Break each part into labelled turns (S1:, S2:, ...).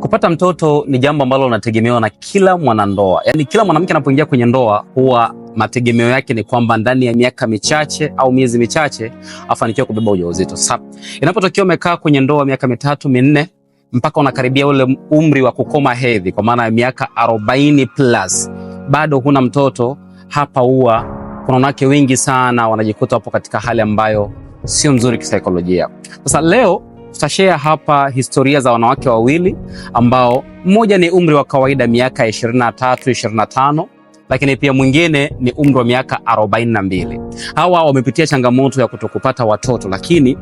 S1: Kupata mtoto ni jambo ambalo linategemewa na kila mwanandoa, yaani kila mwanamke anapoingia kwenye ndoa huwa mategemeo yake ni kwamba ndani ya miaka michache au miezi michache afanikiwe kubeba ujauzito. Sasa inapotokea umekaa kwenye ndoa miaka mitatu minne mpaka unakaribia ule umri wa kukoma hedhi, kwa maana ya miaka 40 plus, bado huna mtoto, hapa huwa kuna wanawake wengi sana wanajikuta wapo katika hali ambayo sio nzuri kisaikolojia. Sasa leo Tutashare hapa historia za wanawake wawili ambao mmoja ni umri wa kawaida miaka 23, 25 lakini pia mwingine ni umri wa miaka 42. Hawa wamepitia changamoto ya kutokupata watoto, lakini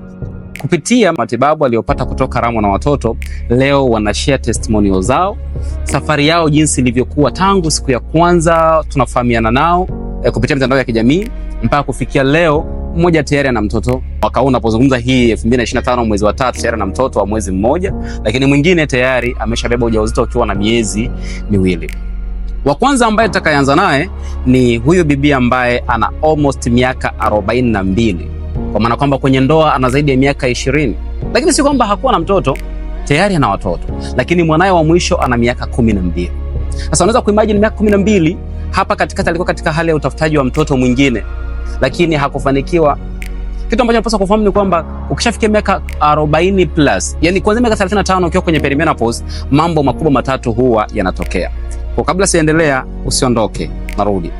S1: kupitia matibabu aliyopata kutoka Ramo na Watoto, leo wanashare testimonio zao, safari yao jinsi ilivyokuwa tangu siku ya kwanza tunafahamiana nao eh, kupitia mitandao ya kijamii mpaka kufikia leo mmoja tayari ana mtoto. Mwaka huu unapozungumza hii 2025 mwezi wa tatu tayari ana mtoto wa mwezi mmoja, lakini mwingine tayari ameshabeba ujauzito akiwa na miezi miwili. Wa kwanza ambaye tutakayeanza naye ni huyu bibi ambaye ana almost miaka 42, kwa maana kwamba kwenye ndoa ana zaidi ya miaka 20, lakini si kwamba hakuwa na mtoto, tayari ana watoto, lakini mwanaye wa mwisho ana miaka 12. Sasa unaweza kuimagine miaka 12 hapa katikati alikuwa katika hali ya utafutaji wa mtoto mwingine, lakini hakufanikiwa. Kitu ambacho napaswa kufahamu ni kwamba ukishafikia miaka 40 plus, yani kuanzia miaka 35 ukiwa kwenye perimenopause, mambo makubwa matatu huwa yanatokea. Kwa kabla siendelea, usiondoke, narudi.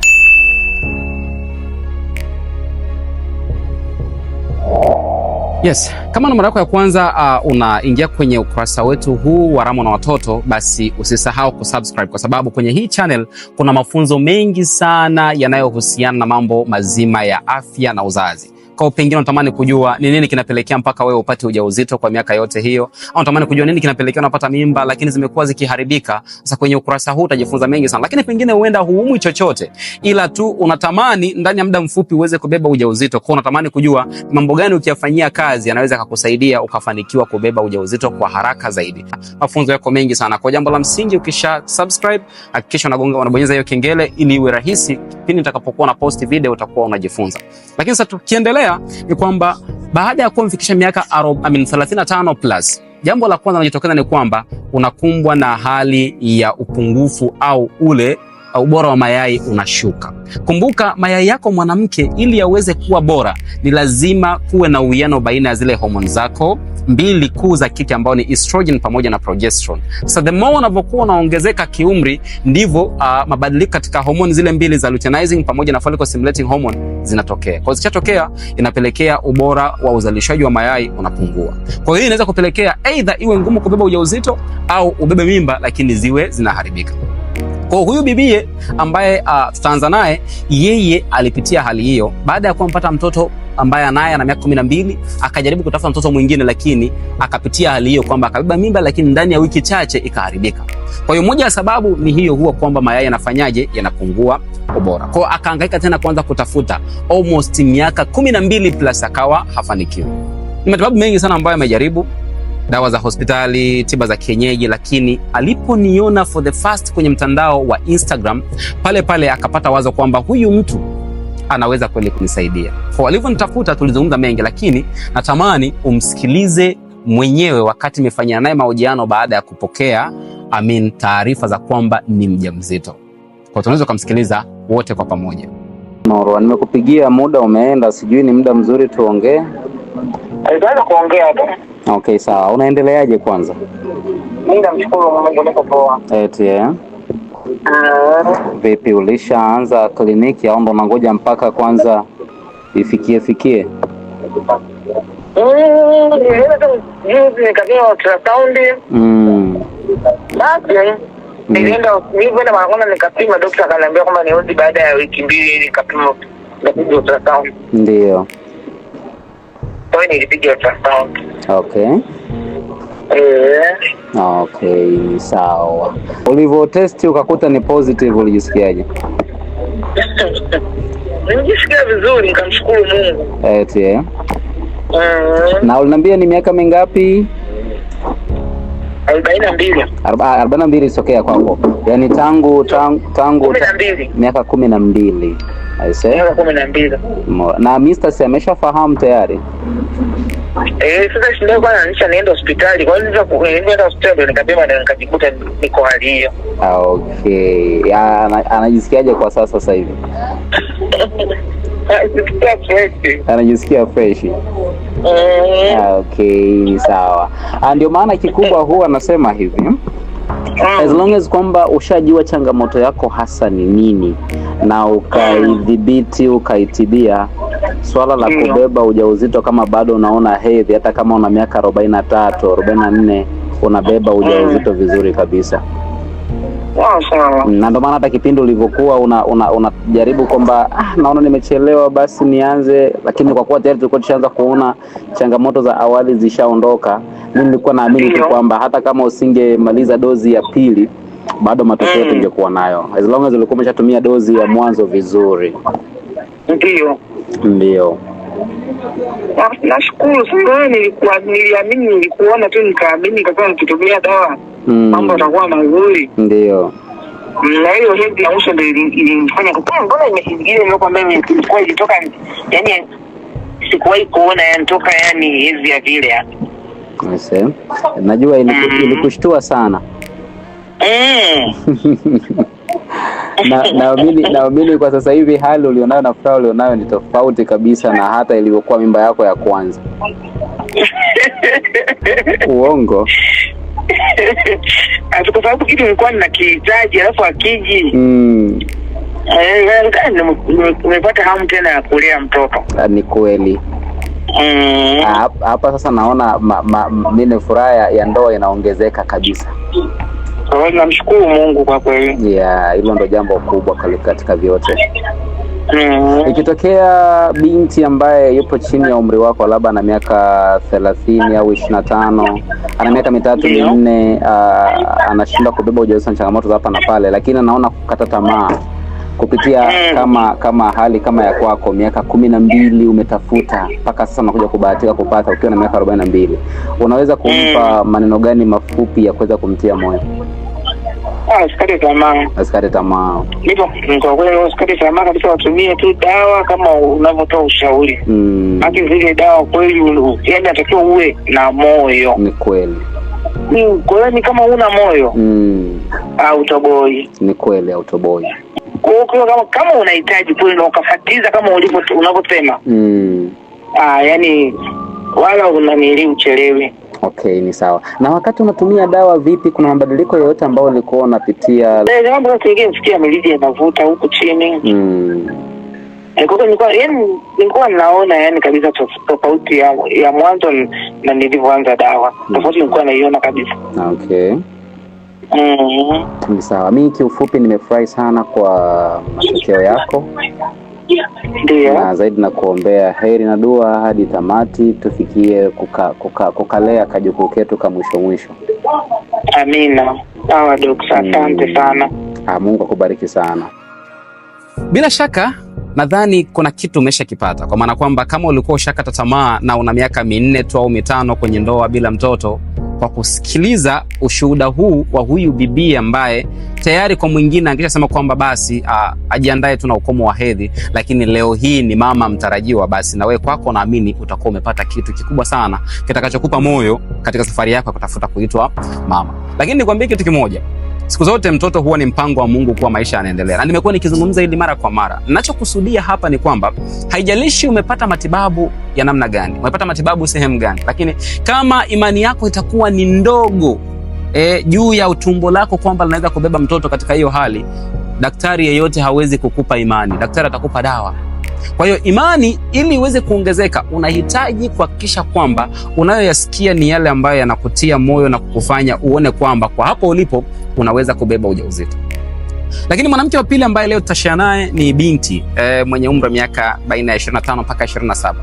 S1: Yes, kama ni mara yako ya kwanza uh, unaingia kwenye ukurasa wetu huu wa Ramo na Watoto, basi usisahau kusubscribe kwa sababu kwenye hii channel kuna mafunzo mengi sana yanayohusiana na mambo mazima ya afya na uzazi kwa pengine unatamani kujua ni nini kinapelekea mpaka wewe upate ujauzito kwa miaka yote hiyo, au unatamani kujua nini kinapelekea unapata mimba lakini zimekuwa zikiharibika. Sasa kwenye ukurasa huu utajifunza mengi sana, lakini pengine huenda huumwi chochote, ila tu unatamani ndani ya muda mfupi uweze kubeba ujauzito. Kwa unatamani kujua mambo gani ukiyafanyia kazi yanaweza kukusaidia ukafanikiwa kubeba ujauzito kwa haraka zaidi. Mafunzo yako mengi sana. Kwa jambo la msingi, ukisha subscribe hakikisha unagonga unabonyeza hiyo kengele ili iwe rahisi pindi nitakapokuwa na post video utakuwa unajifunza. Lakini sasa tukiendelea kuelewa ni kwamba baada ya kuwa miaka 35 plus, jambo la kwanza linalojitokeza ni kwamba unakumbwa na hali ya upungufu au ule ubora wa mayai unashuka. Kumbuka mayai yako mwanamke, ili yaweze kuwa bora, ni lazima kuwe na uwiano baina ya zile homoni zako mbili kuu za kike ambao ni estrogen pamoja na progesterone. So the more unavyokuwa unaongezeka kiumri, ndivyo uh, mabadiliko katika homoni zile mbili za luteinizing pamoja na follicle stimulating hormone zinatokea. Kwa zikishatokea, inapelekea ubora wa uzalishaji wa mayai unapungua. Kwa hiyo inaweza kupelekea either iwe ngumu kubeba ujauzito au ubebe mimba, lakini ziwe zinaharibika. Kwa huyu bibie ambaye uh, tutaanza naye, yeye alipitia hali hiyo baada ya kuwa mpata mtoto ambaye anaye ana miaka kumi na mbili akajaribu kutafuta mtoto mwingine, lakini akapitia hali hiyo kwamba akabeba mimba, lakini ndani ya wiki chache ikaharibika. Kwa hiyo moja ya sababu ni hiyo, huwa kwamba mayai yanafanyaje, yanapungua ubora. Kwa hiyo akahangaika tena kuanza kutafuta almost miaka kumi na mbili plus, akawa hafanikiwi. Ni matibabu mengi sana ambayo amejaribu dawa za hospitali, tiba za kienyeji, lakini aliponiona for the first kwenye mtandao wa Instagram, pale pale akapata wazo kwamba huyu mtu anaweza kweli kunisaidia. Kwa walivyonitafuta, tulizungumza mengi, lakini natamani umsikilize mwenyewe wakati nimefanyia naye mahojiano baada ya kupokea amin taarifa za kwamba ni mjamzito. Kwa tunaweza kumsikiliza wote kwa pamoja.
S2: Marwa, nimekupigia muda umeenda, sijui ni muda mzuri tuongee.
S3: Tunaweza kuongea tu.
S2: Okay, sawa. Unaendeleaje kwanza?
S3: Mimi namshukuru Mungu niko poa.
S2: Eti eh. Uh-huh. Vipi, ulishaanza kliniki au ndo unangoja mpaka kwanza ifikie fikie?
S3: Mm. Nilienda nikapima,
S2: mm. mm.
S3: daktari akaniambia kwamba baada ya wiki mbili ndio. Kwa hiyo nilipiga ultrasound. Okay. Eh.
S2: Okay, sawa. Ulivyo test ukakuta ni positive ulijisikiaje?
S3: Nilijisikia vizuri nikamshukuru Mungu.
S2: Eti eh. Mm. Na uliniambia ni miaka mingapi?
S3: Arobaini na mbili.
S2: Arobaini na mbili isitokea kwako, yaani tangu tangu tangu miaka kumi na mbili. Miaka
S3: kumi na mbili.
S2: Na Mr. si ameshafahamu tayari?
S3: Eh, sasa shida nienda hospitali. Kwa eh, hospitali ndio nikapima na nikajikuta niko hali hiyo.
S2: Ah, okay. Ah, anajisikiaje kwa sasa sasa hivi? Anajisikia fresh. Mm. Ah, okay, sawa. Ah, ndio maana kikubwa huwa anasema hivi. Mm. As long as kwamba ushajua changamoto yako hasa ni nini na ukaidhibiti ukaitibia swala la kubeba ujauzito kama bado unaona hedhi, hata kama una miaka arobaini na tatu arobaini na nne unabeba ujauzito mm. vizuri kabisa. Na ndio maana hata kipindi ulivyokuwa unajaribu una, una kwamba ah, naona nimechelewa, basi nianze, lakini kwa kuwa tayari tulikuwa tushaanza kuona changamoto za awali zishaondoka, mimi nilikuwa naamini tu kwamba hata kama usingemaliza dozi ya pili bado matokeo mm. tungekuwa nayo as long as ulikuwa umeshatumia dozi ya mwanzo vizuri. Ndio, ndio.
S3: Nashukuru sasa. Nilikuwa niliamini, nilikuona tu nikaamini, nikasema nikitubia dawa mm. mambo yatakuwa mazuri.
S2: Ndio na hiyo hedhi ya uso ndo ilinifanya kwa mbona imesigilia ndio kwamba mimi nilikuwa ikitoka, yani sikuwahi kuona yani toka yani hedhi ya vile yani. Eh. Najua mm. ilikushtua sana. Eh. naamini kwa sasa hivi hali ulionayo na furaha ulionayo ni tofauti kabisa na hata ilivyokuwa mimba yako ya kwanza. Uongo ah, kwa sababu kitu nilikuwa ninakihitaji alafu akiji mm. eh, Nimepata hamu tena ya kulea mtoto. Ah, ni kweli mm. Ah, hapa mm. Sasa naona mi ni furaha ya ndoa inaongezeka kabisa. Namshukuru Mungu kwa kweli, yeah, hilo ndo jambo kubwa katika vyote. Mm. Ikitokea binti ambaye yupo chini ya umri wako labda ana miaka thelathini au ishiri na tano ana miaka mitatu minne, ah, anashindwa kubeba ujauzito na changamoto za hapa na pale, lakini anaona kukata tamaa kupitia eh. kama kama hali kama ya kwako, miaka kumi na mbili umetafuta mpaka sasa unakuja kubahatika kupata ukiwa na miaka arobaini na mbili unaweza kumpa eh. maneno gani mafupi ya kuweza kumtia moyo? Ah, usikate tamaa, usikate tamaa. Kwa kweli usikate tamaa kabisa, watumie tu dawa kama unavyotoa ushauri. Mm. zile dawa kweli, yani atakiwa uwe na moyo. Ni kweli. Kwa hiyo ni kama una moyo. Mm. Autoboi. Ni kweli autoboi. Kwa kama, kama unahitaji kule na ukafatiza kama ulivyo unavyosema mm. Ah, yani wala unanili uchelewe. Okay, ni sawa. Na wakati unatumia dawa vipi, kuna mabadiliko yoyote ambayo ulikuwa unapitia? Eh, mambo yote ingine msikia inavuta huku chini mm. E, kwa yani nilikuwa naona yani kabisa tofauti ya, ya mwanzo na nilivyoanza dawa mm. tofauti, nilikuwa naiona kabisa. Okay. Ni sawa. Mimi kiufupi nimefurahi sana kwa matokeo yako. Ndiyo. Na zaidi na kuombea heri na dua hadi tamati tufikie kuka, kuka, kukalea kajukuu ketu ka mwisho mwisho. Amina. Sawa dokta, asante mm, sana. Ah, Mungu akubariki sana. Bila shaka nadhani kuna kitu umeshakipata kwa maana kwamba kama ulikuwa ushakata tamaa na una miaka minne tu au mitano kwenye ndoa bila mtoto kwa kusikiliza ushuhuda huu wa huyu bibi ambaye tayari kwa mwingine angeshasema kwamba basi ajiandae tu na ukomo wa hedhi, lakini leo hii ni mama mtarajiwa. Basi na wewe kwako, naamini utakuwa umepata kitu kikubwa sana kitakachokupa moyo katika safari yako ya kutafuta kuitwa mama. Lakini nikwambie kitu kimoja Siku zote mtoto huwa ni mpango wa Mungu kuwa maisha yanaendelea, na nimekuwa nikizungumza hili mara kwa mara. Ninachokusudia hapa ni kwamba haijalishi umepata matibabu ya namna gani, umepata matibabu sehemu gani, lakini kama imani yako itakuwa ni ndogo e, juu ya utumbo lako kwamba linaweza kubeba mtoto katika hiyo hali, daktari yeyote hawezi kukupa imani. Daktari atakupa dawa kwa hiyo imani ili iweze kuongezeka, unahitaji kuhakikisha kwamba unayoyasikia ni yale ambayo yanakutia moyo na kukufanya uone kwamba kwa hapo ulipo unaweza kubeba ujauzito. Lakini mwanamke wa pili ambaye leo tutashia naye ni binti e, mwenye umri wa miaka baina ya 25 mpaka 27.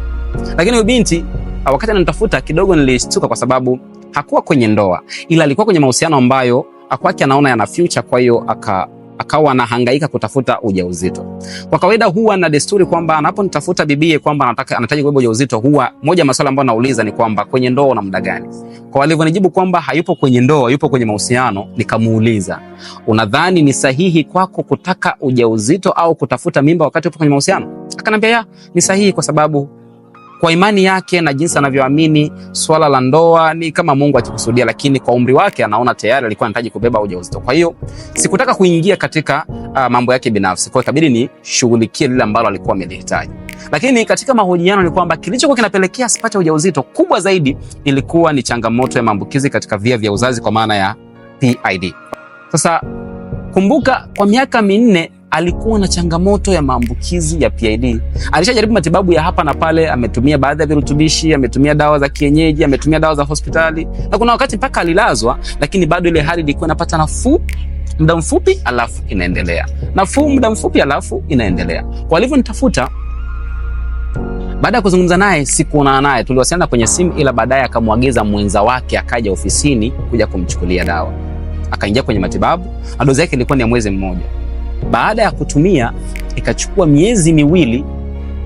S2: Lakini huyu binti ah, wakati ananitafuta kidogo nilishtuka kwa sababu hakuwa kwenye ndoa, ila alikuwa kwenye mahusiano ambayo akwake ah, anaona yana future, kwa hiyo akawa anahangaika kutafuta ujauzito. Kwa kawaida huwa na desturi kwamba anaponitafuta bibie kwamba anataka anahitaji kubeba ujauzito, huwa moja masuala ambayo nauliza ni kwamba kwenye ndoa na muda gani? Kwa walivyonijibu kwamba hayupo kwenye ndoa, yupo kwenye mahusiano, nikamuuliza, unadhani ni sahihi kwako kutaka ujauzito au kutafuta mimba wakati upo kwenye mahusiano? ya ni sahihi kwa sababu kwa imani yake na jinsi anavyoamini swala la ndoa ni kama Mungu akikusudia, lakini kwa umri wake anaona tayari alikuwa anahitaji kubeba ujauzito. Kwa hiyo sikutaka kuingia katika uh, mambo yake binafsi, kwa hiyo ikabidi nishughulikie lile ambalo alikuwa amelihitaji. Lakini katika mahojiano ni kwamba kilichokuwa kinapelekea asipate ujauzito kubwa zaidi ilikuwa ni changamoto ya maambukizi katika via vya uzazi kwa maana ya PID. Sasa kumbuka, kwa miaka minne alikuwa na changamoto ya maambukizi ya PID. Alishajaribu matibabu ya hapa na pale, ametumia baadhi ya virutubishi, ametumia dawa za kienyeji, ametumia dawa za hospitali, na kuna wakati mpaka alilazwa, lakini bado ile hali ilikuwa inapata nafuu muda mfupi, alafu inaendelea nafuu, muda mfupi, alafu inaendelea. Kwa hivyo nitafuta baada ya kuzungumza naye, sikuonana naye, tuliwasiliana kwenye simu, ila baadaye akamwagiza mwenza wake akaja ofisini kuja kumchukulia dawa. Akaingia kwenye matibabu na dozi yake ilikuwa ni ya mwezi mmoja. Baada ya kutumia ikachukua miezi miwili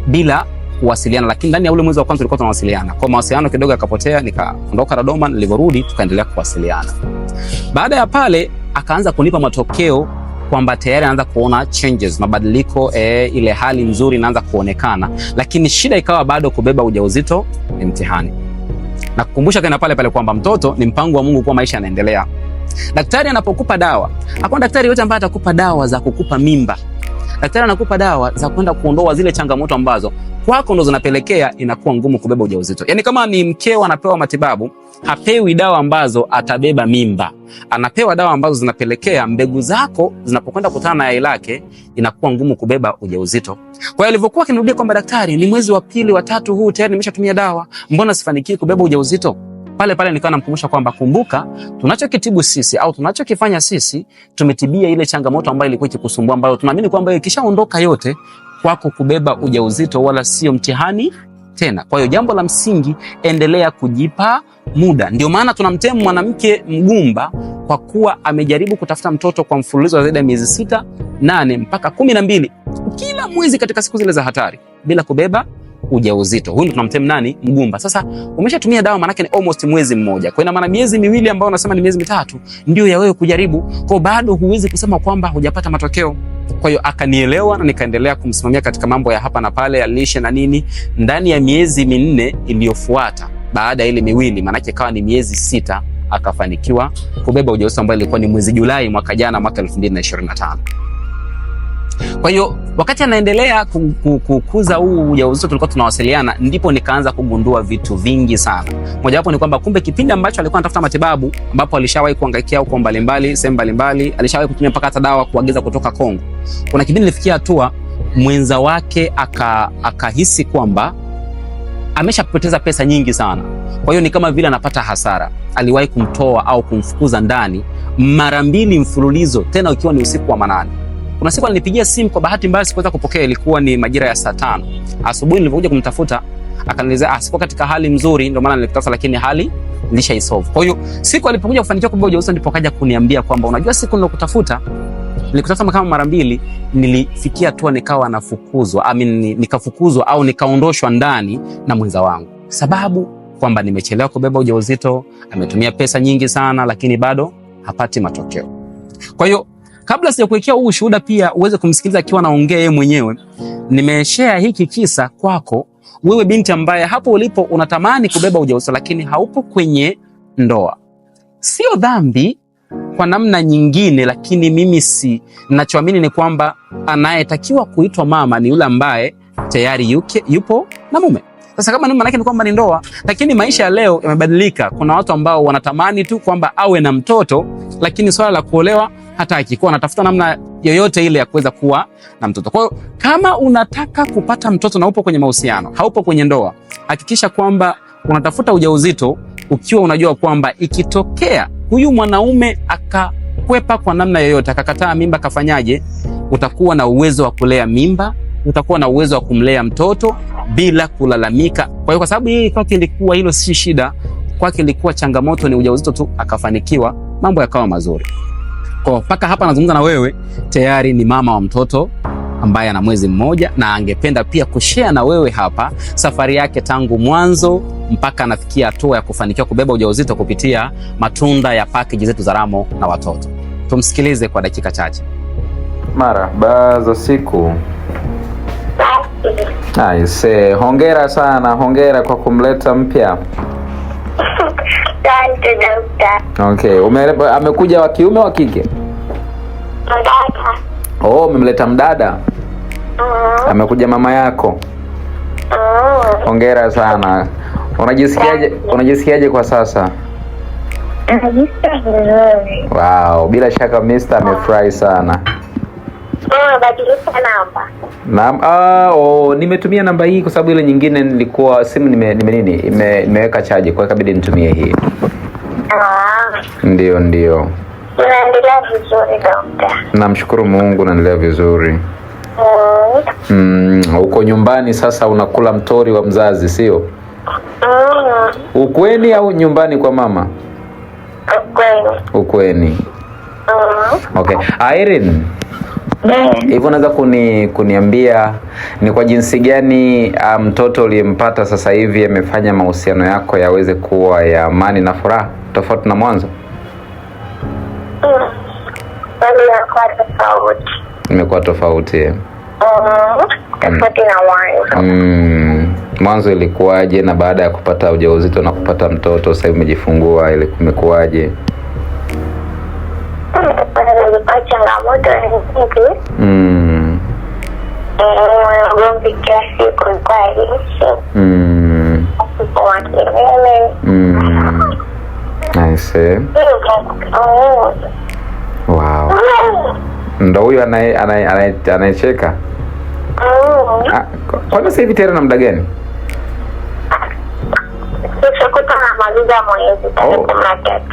S2: bila kuwasiliana, lakini ndani ya ule mwezi wa kwanza tulikuwa tunawasiliana. Kwa mawasiliano kidogo yakapotea, nikaondoka Dodoma, nilivyorudi tukaendelea kuwasiliana. Baada ya pale akaanza kunipa matokeo kwamba tayari anaanza kuona changes mabadiliko, e, ile hali nzuri inaanza kuonekana, lakini shida ikawa bado kubeba ujauzito ni mtihani. Na kukumbusha tena pale pale kwamba mtoto ni mpango wa Mungu kwa maisha yanaendelea. Daktari anapokupa dawa, hakuna daktari yote ambaye atakupa dawa za kukupa mimba. Daktari anakupa dawa za kwenda kuondoa zile changamoto ambazo kwako ndo zinapelekea inakuwa ngumu kubeba ujauzito. Yaani kama ni mkeo anapewa matibabu, hapewi dawa ambazo atabeba mimba. Anapewa dawa ambazo zinapelekea mbegu zako zinapokwenda kukutana na yai lake inakuwa ngumu kubeba ujauzito. Kwa hiyo alivyokuwa akinirudia kwamba daktari, ni mwezi wa pili wa tatu huu tayari nimeshatumia dawa, mbona sifanikii kubeba ujauzito? pale pale nikawa namkumbusha kwamba kumbuka, tunachokitibu sisi au tunachokifanya sisi, tumetibia ile changamoto ambayo ilikuwa ikikusumbua, ambayo tunaamini kwamba ikishaondoka yote, kwako kubeba ujauzito wala sio mtihani tena. Kwa hiyo jambo la msingi, endelea kujipa muda. Ndio maana tunamtemu mwanamke mgumba kwa kuwa amejaribu kutafuta mtoto kwa mfululizo wa zaidi ya miezi sita, nane mpaka kumi na mbili kila mwezi katika siku zile za hatari bila kubeba ujauzito. Huyu ndo tunamtem nani? Mgumba. Sasa umeshatumia dawa maana ni almost mwezi mmoja. Kwa ina maana miezi miwili ambayo unasema ni miezi mitatu ndio ya wewe kujaribu. Kwa bado huwezi kusema kwamba hujapata matokeo. Kwa hiyo akanielewa na nikaendelea kumsimamia katika mambo ya hapa na pale ya lishe na nini. Ndani ya miezi minne iliyofuata baada ya ile miwili, maana yake ikawa ni miezi sita akafanikiwa kubeba ujauzito ambao ilikuwa ni mwezi Julai mwaka jana, mwaka 2025. Kwa hiyo wakati anaendelea kukuza huu ujauzito, tulikuwa tunawasiliana, ndipo nikaanza kugundua vitu vingi sana. Mojawapo ni kwamba kumbe kipindi ambacho alikuwa anatafuta matibabu, ambapo alishawahi kuangaikia huko mbalimbali, sehemu mbalimbali, alishawahi kutumia mpaka hata dawa kuagiza kutoka Kongo. Kuna kipindi nilifikia hatua mwenza wake akahisi aka kwamba ameshapoteza pesa nyingi sana, kwa hiyo ni kama vile anapata hasara. Aliwahi kumtoa au kumfukuza ndani mara mbili mfululizo, tena ukiwa ni usiku wa manane. Kuna siku alinipigia simu, kwa bahati mbaya sikuweza kupokea, ilikuwa ni majira ya saa tano asubuhi. Nilipokuja kumtafuta akanielezea ah, sikuwa katika hali nzuri, ndio maana nilikutafuta, lakini hali nilishaisolve. Kwa hiyo siku alipokuja kufanikiwa kubeba ujauzito, ndipo akaja kuniambia kwamba unajua, siku nilokutafuta nilikutazama kama mara mbili, nilifikia tu nikawa nafukuzwa, I mean, nikafukuzwa au nikaondoshwa ndani na mwenza wangu, sababu kwamba nimechelewa kubeba ujauzito, ametumia pesa nyingi sana, lakini bado hapati matokeo. Kwa hiyo Kabla sijakuwekea huu ushuhuda, pia uweze kumsikiliza akiwa anaongea yeye mwenyewe. Nimeshare hiki kisa kwako wewe, binti ambaye hapo ulipo unatamani kubeba ujauzito, lakini haupo kwenye ndoa. Sio dhambi kwa namna nyingine, lakini mimi si nachoamini ni kwamba anayetakiwa kuitwa mama ni yule ambaye tayari yuke, yupo na mume. Sasa kama maana yake ni kwamba ni ndoa, lakini maisha ya leo yamebadilika. Kuna watu ambao wanatamani tu kwamba awe na mtoto, lakini swala la kuolewa hataki, kwa anatafuta namna yoyote ile ya kuweza kuwa na mtoto. Kwa hiyo kama unataka kupata mtoto na upo kwenye mahusiano, haupo kwenye ndoa, hakikisha kwamba unatafuta ujauzito ukiwa unajua kwamba ikitokea huyu mwanaume akakwepa kwa namna yoyote, akakataa mimba, akafanyaje? Utakuwa na uwezo wa kulea mimba utakuwa na uwezo wa kumlea mtoto bila kulalamika. Kwa hiyo kwa sababu hii kwake ilikuwa hilo si shida, kwake ilikuwa changamoto ni ujauzito tu, akafanikiwa, mambo yakawa mazuri. Kwa mpaka hapa nazungumza na wewe, tayari ni mama wa mtoto ambaye ana mwezi mmoja na angependa pia kushare na wewe hapa safari yake tangu mwanzo mpaka anafikia hatua ya kufanikiwa kubeba ujauzito kupitia matunda ya package zetu za Ramo na Watoto. Tumsikilize kwa dakika chache. Mara baada za siku Aise, eh, hongera sana, hongera kwa kumleta mpya. Asante daktari. Okay, ume, amekuja wa kiume wa kike? Mdada. Oh, umemleta mdada. Uh-huh. Amekuja mama yako. Uh-huh. Hongera sana. Unajisikiaje? Unajisikiaje kwa sasa? Najisikia vizuri. Wow, bila shaka Mr. amefurahi sana. Ah, Naam, ah, oh, nimetumia namba hii kwa sababu ile nyingine nilikuwa simu nime, nime nini nimeweka chaji kwa ikabidi nitumie hii. Ah. Ndio, ndio. Unaendelea vizuri dokta? Namshukuru Mungu naendelea vizuri. Mm. mm, uko nyumbani sasa unakula mtori wa mzazi sio? Mm. Ukweni au nyumbani kwa mama? Ukweni. Ukweni. Mm. Okay. Irene. Hivyo unaweza kuni, kuniambia ni kwa jinsi gani ah, mtoto um, uliyempata sasa hivi amefanya mahusiano yako yaweze kuwa ya amani na furaha tofauti na mwanzo? Imekuwa tofauti mm-hmm. mm. mm. mwanzo ilikuwaje? Na baada ya kupata ujauzito na kupata mtoto sasa umejifungua, ili kumekuwaje? Mm, imekuwa changamoto nyingi Ugomvi kila siku aise, ndo huyo anayecheka. Hmm. Ah, Kwani sahivi tena na muda gani? Oh.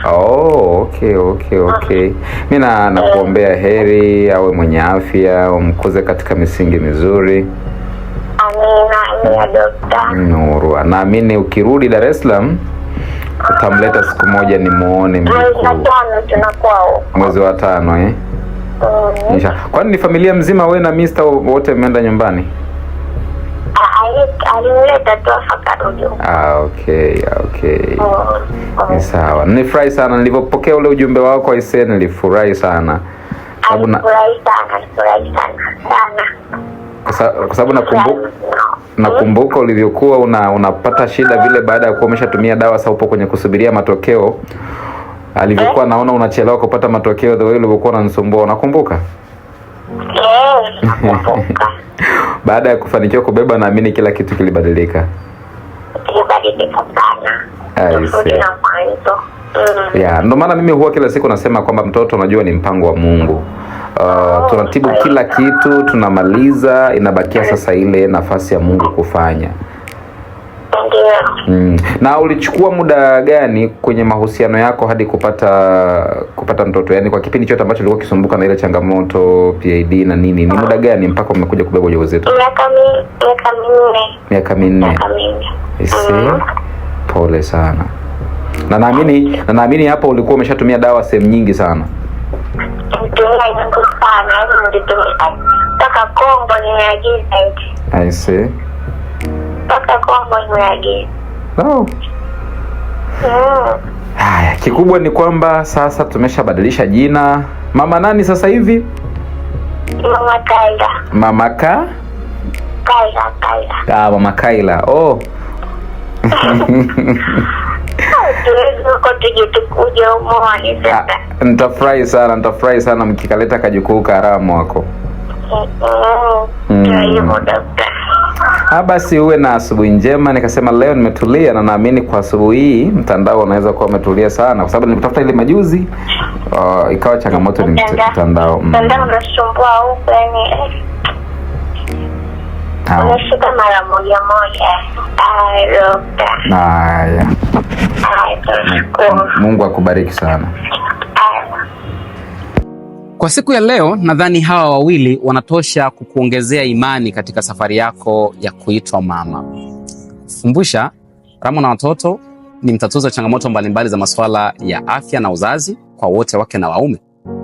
S2: oh, okay, okay, okay. Mm-hmm. Mi nakuombea eh. heri, awe mwenye afya, umkuze katika misingi mizuri. Mm. Nurwa, naamini ukirudi Dar es Salaam utamleta siku moja nimuone Mwezi wa tano eh? Mm. Kwani ni familia mzima, we na mista wote mmeenda nyumbani? Ah, okay, okay. Oh, oh. sawa. Nilifurahi sana nilivyopokea ule ujumbe wako aisee, nilifurahi sana kwa sababu nakumbuka nakumbuka ulivyokuwa una, unapata shida vile baada ya kuwa umeshatumia dawa, sasa upo kwenye kusubiria matokeo, alivyokuwa eh, naona unachelewa kupata matokeo the way ulivyokuwa unanisumbua, unakumbuka? Eh, Baada ya kufanikiwa kubeba, naamini kila kitu kilibadilika, mm. Yeah, ndo maana mimi huwa kila siku nasema kwamba mtoto, unajua ni mpango wa Mungu. Uh, tunatibu oh, kila kitu tunamaliza, inabakia sasa ile nafasi ya Mungu kufanya Mm. Na ulichukua muda gani kwenye mahusiano yako hadi kupata kupata mtoto? Yaani kwa kipindi chote ambacho ulikuwa ukisumbuka na ile changamoto PID na nini, ni muda gani mpaka umekuja kubeba ujauzito? Miaka minne. Miaka minne. Mm. Pole sana. Na naamini na naamini hapo ulikuwa umeshatumia dawa sehemu nyingi sana. Yaani I see mpaka Oh. Mm. Haya, kikubwa ni kwamba sasa tumeshabadilisha jina. Mama nani sasa hivi? Mama Kaila. Mama ka? Kaila, Kaila. Ah, Mama Kaila. Oh. Ah, nitafurahi sana, nitafurahi sana mkikaleta kajukuu karamu wako. Mm. Mm. Ah, basi uwe na asubuhi njema. Nikasema leo nimetulia, na naamini kwa asubuhi hii mtandao unaweza kuwa umetulia sana, kwa sababu nilitafuta ile majuzi uh, ikawa changamoto ni mtandao mtandao unasumbua huko, yani mara moja moja. Mungu akubariki sana. Kwa siku ya leo nadhani hawa wawili wanatosha kukuongezea imani katika safari yako ya kuitwa mama. Kukumbusha, Ramo na Watoto ni mtatuzi wa changamoto mbalimbali za masuala ya afya na uzazi kwa wote wake na waume.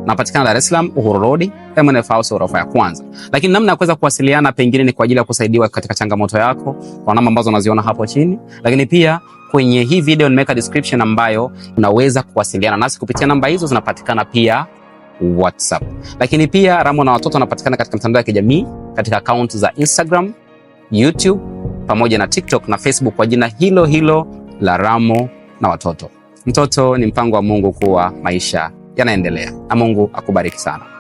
S2: Napatikana Dar es Salaam, Uhuru Road, MNF House, orofa ya kwanza. Lakini namna ya kuweza kuwasiliana pengine ni kwa ajili ya kusaidiwa katika changamoto yako kwa namba ambazo unaziona hapo chini, lakini pia kwenye hii video nimeweka description ambayo unaweza kuwasiliana nasi kupitia namba hizo, zinapatikana pia WhatsApp. Lakini pia Ramo na Watoto wanapatikana katika mitandao ya kijamii katika akaunti za Instagram, YouTube pamoja na TikTok na Facebook kwa jina hilo hilo la Ramo na Watoto. Mtoto ni mpango wa Mungu kuwa maisha yanaendelea, na Mungu akubariki sana.